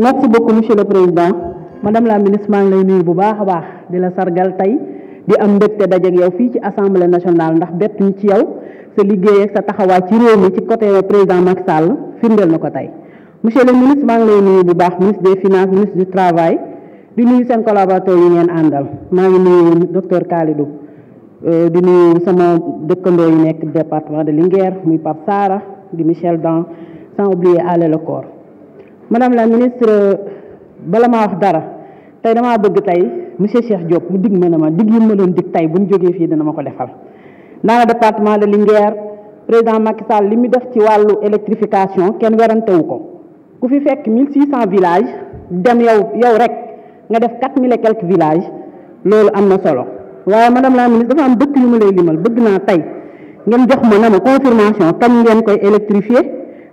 merci beaucoup monsieur le président madame la ministre mang lay nuyu bu baakha baax di la sargal tay di am mbégte dajeeg yow fi ci assemblée nationale ndax bett ñu ci yow sa liggéey ak sa taxawaay ci réew mi ci côté président Macky Sall findel nako tay monsieur le ministre mang lay nuyu bu baax ministre des finances ministre du travail di nuyu sen collaborateur yi ngeen andal mang ngi nuyu docteur Kalidou euh di nuyu sama dekkando yi nek département de Linguère muy Pape Sara di Michel Dan sans oublier Alé le corps madame la ministre bala maa wax dara tey damaa bëgg tey monsieur Cheikh Diop mu dig ma ma dig yi ma doon dig tey bu ñu jógee fii dina ma ko defal dans le département de Linguère président Macky li mu def ci wàllu électrification kenn werantewu ko ku fi fekk 1600 villages dem yow yow rek nga def 4000 et quelques village loolu am na solo waaye madame la ministre dafa am dëkk yu ma lay limal bëgg naa tey ngeen jox ma ne ma confirmation kañ ngeen koy électrifier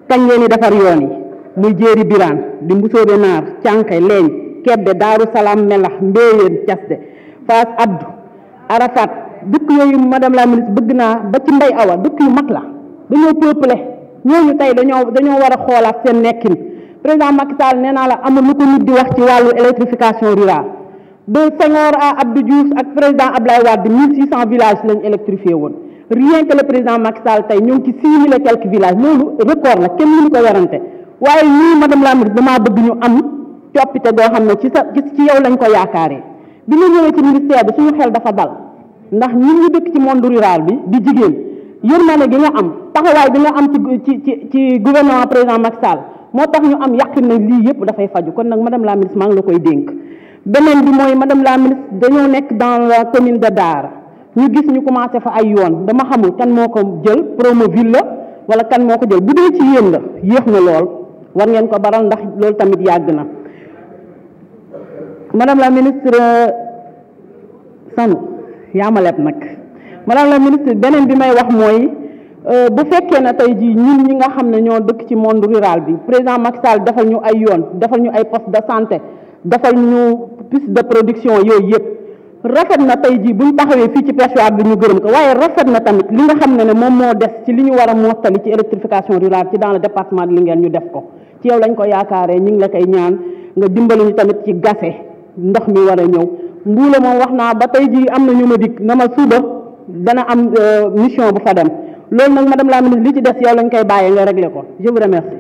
kañ ngeen di yoon yi. muy jéeri biraan di mbusóobe naar cànke leeñ kebbe daaru salaam melax mbéyéen casde faas abdu arafat dëkk yooyu madame la ministre bëgg naa ba ci mbay awa dëkk yu mag la dañoo peuplé ñooñu tey dañoo dañoo war a xoolaat seen nekkin président Macky Sall nee naa la amul lu ko nit di wax ci wàllu électrification rurale de Senghor a Abdou Diouf ak président Ablaye Wade mille six cent villages lañ électrifié woon rien que le président Macky tey ñoo ngi ci six mille la kenn mënu ko warante waaye lii madame lamir ministre damaa bëgg ñu am coppite goo xam ne ci sa ci yow lañ ko yaakaaree bi ñu ñëwee ci ministère bi suñu xel dafa dal ndax ñun ñu dëkk ci monde rural bi di jigéen yërmande gi nga am taxawaay bi nga am ci ci ci gouvernement président Macky Sall moo tax ñu am yàqin ne lii yëpp dafay faju kon nag madame la ministre maa ngi la koy dénk beneen bi mooy madame la ministre dañoo nekk dans la commune de Dar ñu gis ñu commencé fa ay yoon dama xamul kan moo ko jël ville la wala kan moo ko jël bu dee ci yéen la yéex na lool war ngeen ko baral ndax loolu tamit yàgg na madame la ministre sanu yaa ma leb nag madame la ministre beneen bi may wax mooy euh, bu fekkee na tey jii ñun ñi nga xam ne ñoo dëkk ci monde rural bi président Macky Sall defal ñu ay yoon defal ñu ay poste de santé defal ñu piste de production yooyu yëpp rafet na tey jii bu ñu taxawee fii ci perchoir bi ñu gërëm ko waaye rafet na tamit li nga xam ne ne moom moo des ci li ñu war a mottali ci électrification rurale ci dans le département de Linguère ñu def ko ci yow lañ ko yaakaaree ñu ngi la koy ñaan nga dimbali ñu tamit ci gase ndox mi war a ñëw mbuula moom wax naa ba tey jii am na ñu ma dikk na ma suba dana am euh, mission bu fa dem loolu nag madame la ministre li ci des yow lañ koy bàyyee nga réglé ko je vous